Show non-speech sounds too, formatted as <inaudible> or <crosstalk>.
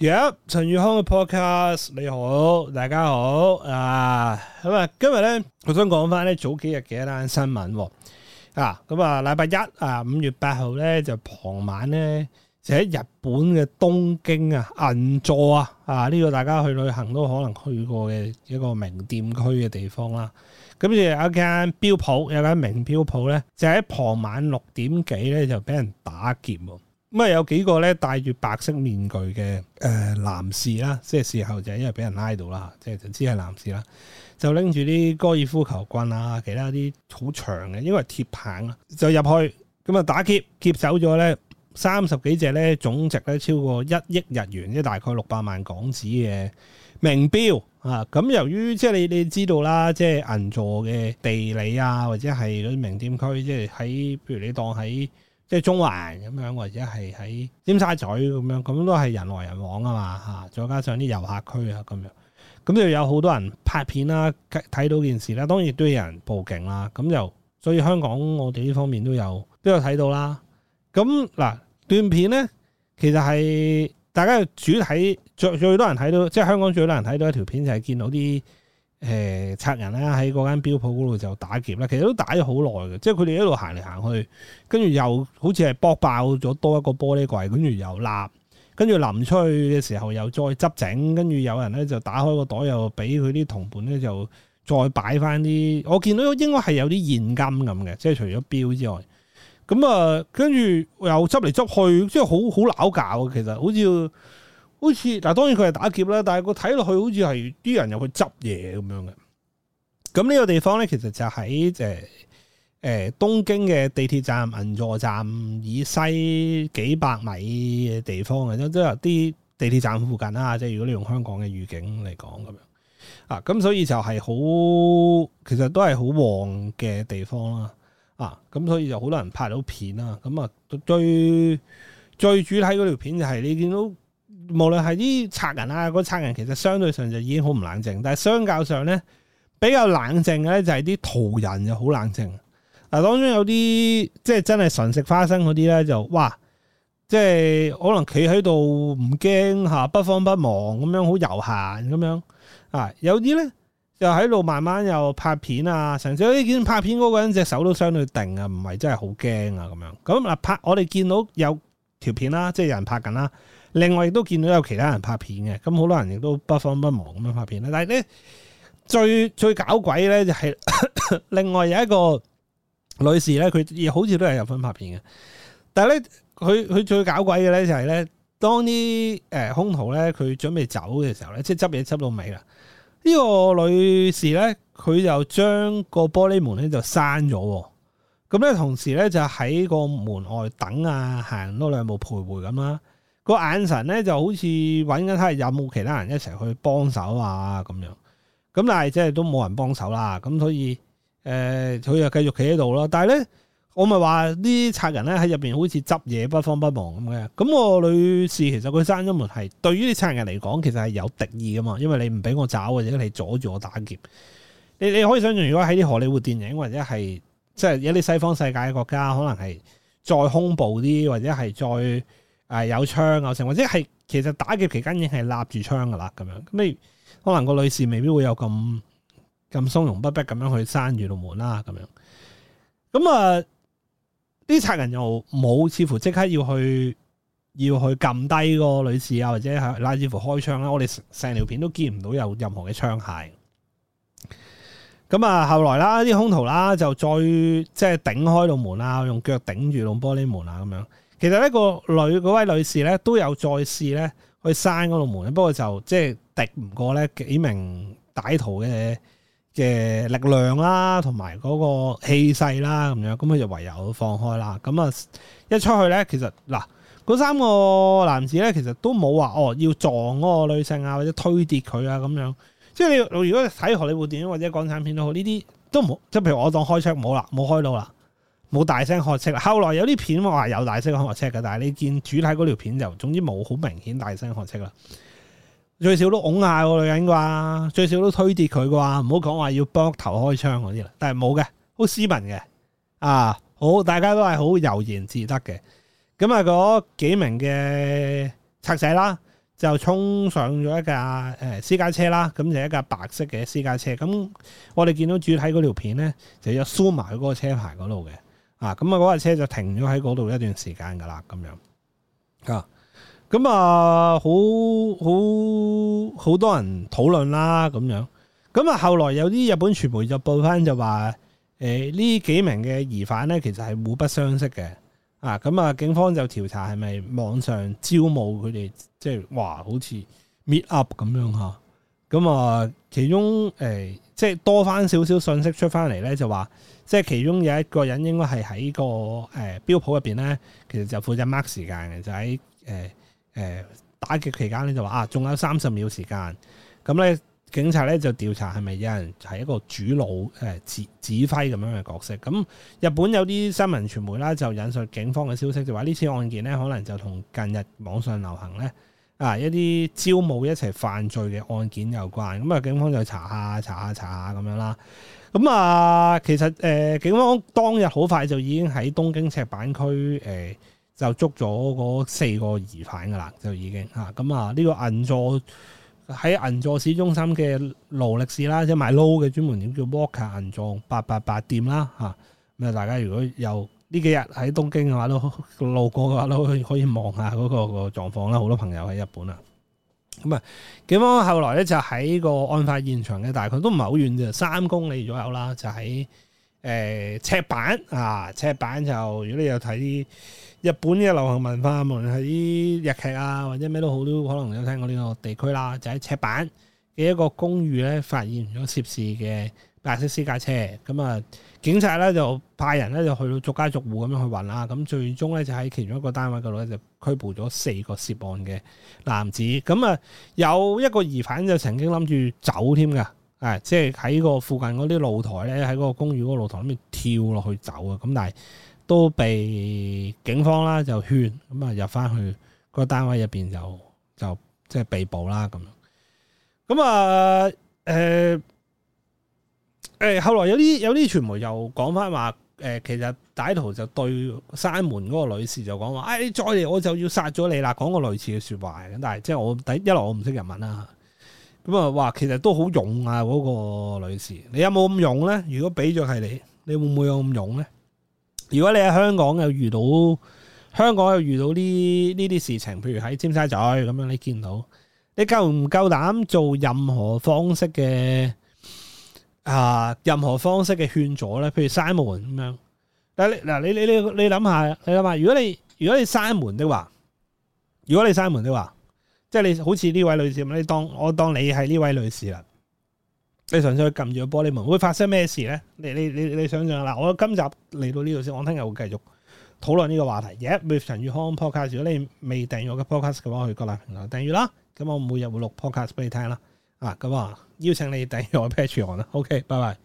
而陳宇康嘅 podcast，你好，大家好啊！咁啊，今日咧，我想講返咧早幾日嘅一單新聞啊，啊！咁啊，禮拜一啊，五月八號咧就傍晚咧，就喺日本嘅東京啊，銀座啊啊呢、這個大家去旅行都可能去過嘅一個名店區嘅地方啦、啊。咁、啊、就有一間錶舖，有一間名錶舖咧，就喺傍晚六點幾咧就俾人打劫、啊。咁啊，有幾個咧戴住白色面具嘅，誒、呃、男士啦，即係事後就因為俾人拉到啦，即係就知係男士啦，就拎住啲高爾夫球棍啊，其他啲好長嘅，因為係鐵棒啊，就入去咁啊打劫，劫走咗咧三十幾隻咧，總值咧超過一億日元、啊，即係大概六百萬港紙嘅名表啊！咁由於即係你你知道啦，即係銀座嘅地理啊，或者係嗰啲名店區，即係喺，譬如你當喺。即係中環咁樣，或者係喺尖沙咀咁樣，咁都係人來人往啊嘛嚇！再加上啲遊客區啊，咁樣咁就有好多人拍片啦，睇到件事啦。當然都有人報警啦，咁就所以香港我哋呢方面都有都有睇到啦。咁嗱段片咧，其實係大家主睇最最多人睇到，即係香港最多人睇到一條片，就係一，就係見到啲。誒，賊、呃、人啦，喺嗰間表鋪嗰度就打劫啦。其實都打咗好耐嘅，即係佢哋一路行嚟行去，跟住又好似係搏爆咗多一個玻璃櫃，跟住又立，跟住臨出去嘅時候又再執整，跟住有人咧就打開個袋，又俾佢啲同伴咧就再擺翻啲。我見到應該係有啲現金咁嘅，即係除咗表之外，咁啊跟住又執嚟執去，即係好好撈搞啊！其實好似～好似嗱，當然佢係打劫啦，但係，個睇落去好似係啲人入去執嘢咁樣嘅。咁呢個地方咧，其實就喺誒誒東京嘅地鐵站銀座站以西幾百米嘅地方，即係即係啲地鐵站附近啦。即係如果你用香港嘅預警嚟講，咁樣啊，咁所以就係好，其實都係好旺嘅地方啦。啊，咁所以就好多人拍到片啦。咁啊，最最主體嗰條片就係你見到。無論係啲賊人啊，嗰賊人其實相對上就已經好唔冷靜，但係相較上咧，比較冷靜嘅咧，就係啲途人就好冷靜。嗱、啊，當中有啲即係真係純食花生嗰啲咧，就哇，即係可能企喺度唔驚吓，不慌不忙咁樣，好悠閒咁樣啊。有啲咧就喺度慢慢又拍片啊，甚至可以見拍片嗰個人隻手都相對定啊，唔係真係好驚啊咁樣。咁嗱，拍我哋見到有條片啦，即係有人拍緊啦。另外亦都見到有其他人拍片嘅，咁好多人亦都不慌不忙咁樣拍片啦。但係咧最最搞鬼咧就係、是、 <coughs> 另外有一個女士咧，佢亦好似都係有份拍片嘅。但係咧佢佢最搞鬼嘅咧就係、是、咧，當啲誒兇徒咧佢準備走嘅時候咧，即係執嘢執到尾啦。呢、這個女士咧，佢就將個玻璃門咧就閂咗，咁咧同時咧就喺個門外等啊，行多兩步徘徊咁啦。個眼神咧就好似揾緊睇下有冇其他人一齊去幫手啊咁樣，咁但係即係都冇人幫手啦，咁所以誒佢又繼續企喺度咯。但係咧，我咪話啲賊人咧喺入邊好似執嘢不慌不忙咁嘅。咁我女士其實佢閂咗門係對於啲賊人嚟講其實係有敵意噶嘛，因為你唔俾我找，或者你阻住我打劫。你你可以想象如果喺啲荷里活電影或者係即係一啲西方世界嘅國家，可能係再恐怖啲或者係再。誒、啊，有槍有成或者係其實打劫期間已經係立住槍噶啦，咁樣，咁你可能個女士未必會有咁咁從容不迫咁樣去閂住道門啦，咁樣咁啊，啲賊人又冇似乎即刻要去要去撳低個女士啊，或者係拉似乎開槍啦，我哋成條片都見唔到有任何嘅槍械。咁啊，後來啦，啲兇徒啦就再即係頂開道門啊，用腳頂住棟玻璃門啊，咁樣。其實呢個女嗰位女士咧都有再試咧去閂嗰度門，不過就即係敵唔過咧幾名歹徒嘅嘅力量啦，同埋嗰個氣勢啦，咁樣，咁佢就唯有放開啦。咁啊，一出去咧，其實嗱，嗰三個男子咧，其實都冇話哦要撞嗰個女性啊，或者推跌佢啊，咁樣。即係你如果睇荷里活電影或者港產片都好，呢啲都冇。即係譬如我當開槍冇啦，冇開到啦，冇大聲喝斥啦。後來有啲片話有大聲喝斥嘅，但係你見主體嗰條片就，總之冇好明顯大聲喝斥啦。最少都拱下個女人啩，最少都推跌佢啩，唔好講話要幫頭開槍嗰啲啦。但係冇嘅，好斯文嘅，啊好，大家都係好悠然自得嘅。咁啊嗰幾名嘅賊仔啦。就衝上咗一架誒私家車啦，咁就係一架白色嘅私家車。咁我哋見到主體嗰條片咧，就有埋佢嗰個車牌嗰度嘅，啊，咁啊嗰架車就停咗喺嗰度一段時間噶啦，咁樣啊，咁啊好好好多人討論啦，咁樣，咁啊後來有啲日本傳媒就報翻就話，誒、呃、呢幾名嘅疑犯咧，其實係互不相識嘅。啊，咁啊，警方就調查係咪網上招募佢哋，即係話好似 meet up 咁樣嚇。咁啊，其中誒、欸、即係多翻少少信息出翻嚟咧，就話即係其中有一個人應該係喺個誒、欸、標普入邊咧，其實就負責 mark 時間嘅，就喺誒誒打劫期間咧就話啊，仲有三十秒時間，咁、嗯、咧。嗯。警察咧就調查係咪有人係一個主腦誒指指揮咁樣嘅角色？咁日本有啲新聞傳媒啦，就引述警方嘅消息，就話呢次案件咧可能就同近日網上流行咧啊一啲招募一齊犯罪嘅案件有關。咁啊，警方就查下查下查下咁樣啦。咁啊，其實誒警方當日好快就已經喺東京赤坂區誒就捉咗嗰四個疑犯噶啦，就已經嚇咁啊呢個銀座。喺銀座市中心嘅勞力士啦，即係賣勞嘅專門店叫 Walker 銀座八八八店啦嚇。咁啊，大家如果有呢幾日喺東京嘅話，都路過嘅話都可以望下嗰個個狀況啦。好多朋友喺日本啊。咁啊，警方後來咧就喺個案發現場嘅，大概都唔係好遠啫，三公里左右啦，就喺。誒、呃、赤坂啊，赤坂就如果你有睇日本嘅流行文化，無論係啲日劇啊，或者咩都好，都可能有聽過呢個地區啦。就喺赤坂嘅一個公寓咧，發現咗涉事嘅白色私家車。咁、嗯、啊，警察咧就派人咧就去到逐家逐戶咁樣去揾啦。咁、嗯、最終咧就喺其中一個單位嗰度咧就拘捕咗四個涉案嘅男子。咁、嗯、啊、嗯，有一個疑犯就曾經諗住走添㗎。誒，即係喺個附近嗰啲露台咧，喺嗰個公寓嗰個露台裏面跳落去走啊！咁但係都被警方啦就勸，咁啊入翻去個單位入邊就就即係被捕啦咁。咁啊誒誒，後來有啲有啲傳媒又講翻話，誒、呃，其實歹徒就對閂門嗰個女士就講話：哎，你再嚟我就要殺咗你啦！講個類似嘅說話，咁但係即係我第一來我唔識人民啦。咁啊，話其實都好勇啊！嗰個女士，你有冇咁勇咧？如果俾咗係你，你會唔會有咁勇咧？如果你喺香港又遇到香港又遇到呢呢啲事情，譬如喺尖沙咀咁樣，你見到你夠唔夠膽做任何方式嘅啊？任何方式嘅勸阻咧，譬如閂門咁樣。但係嗱，你你你你諗下，你諗下，如果你如果你閂門的話，如果你閂門的話。即係你好似呢位女士咁，你當我當你係呢位女士啦。你純粹去撳住個玻璃門，會發生咩事咧？你你你你想象啦。我今集嚟到呢度先，我聽日會繼續討論呢個話題。耶、yeah，With 陳宇康 podcast。如果你未訂閱我嘅 podcast 嘅話，我去各大平台訂閱啦。咁我每日會錄 podcast 俾你聽啦。啊，咁啊，邀請你訂閱我 Patreon 啦、okay。OK，拜拜。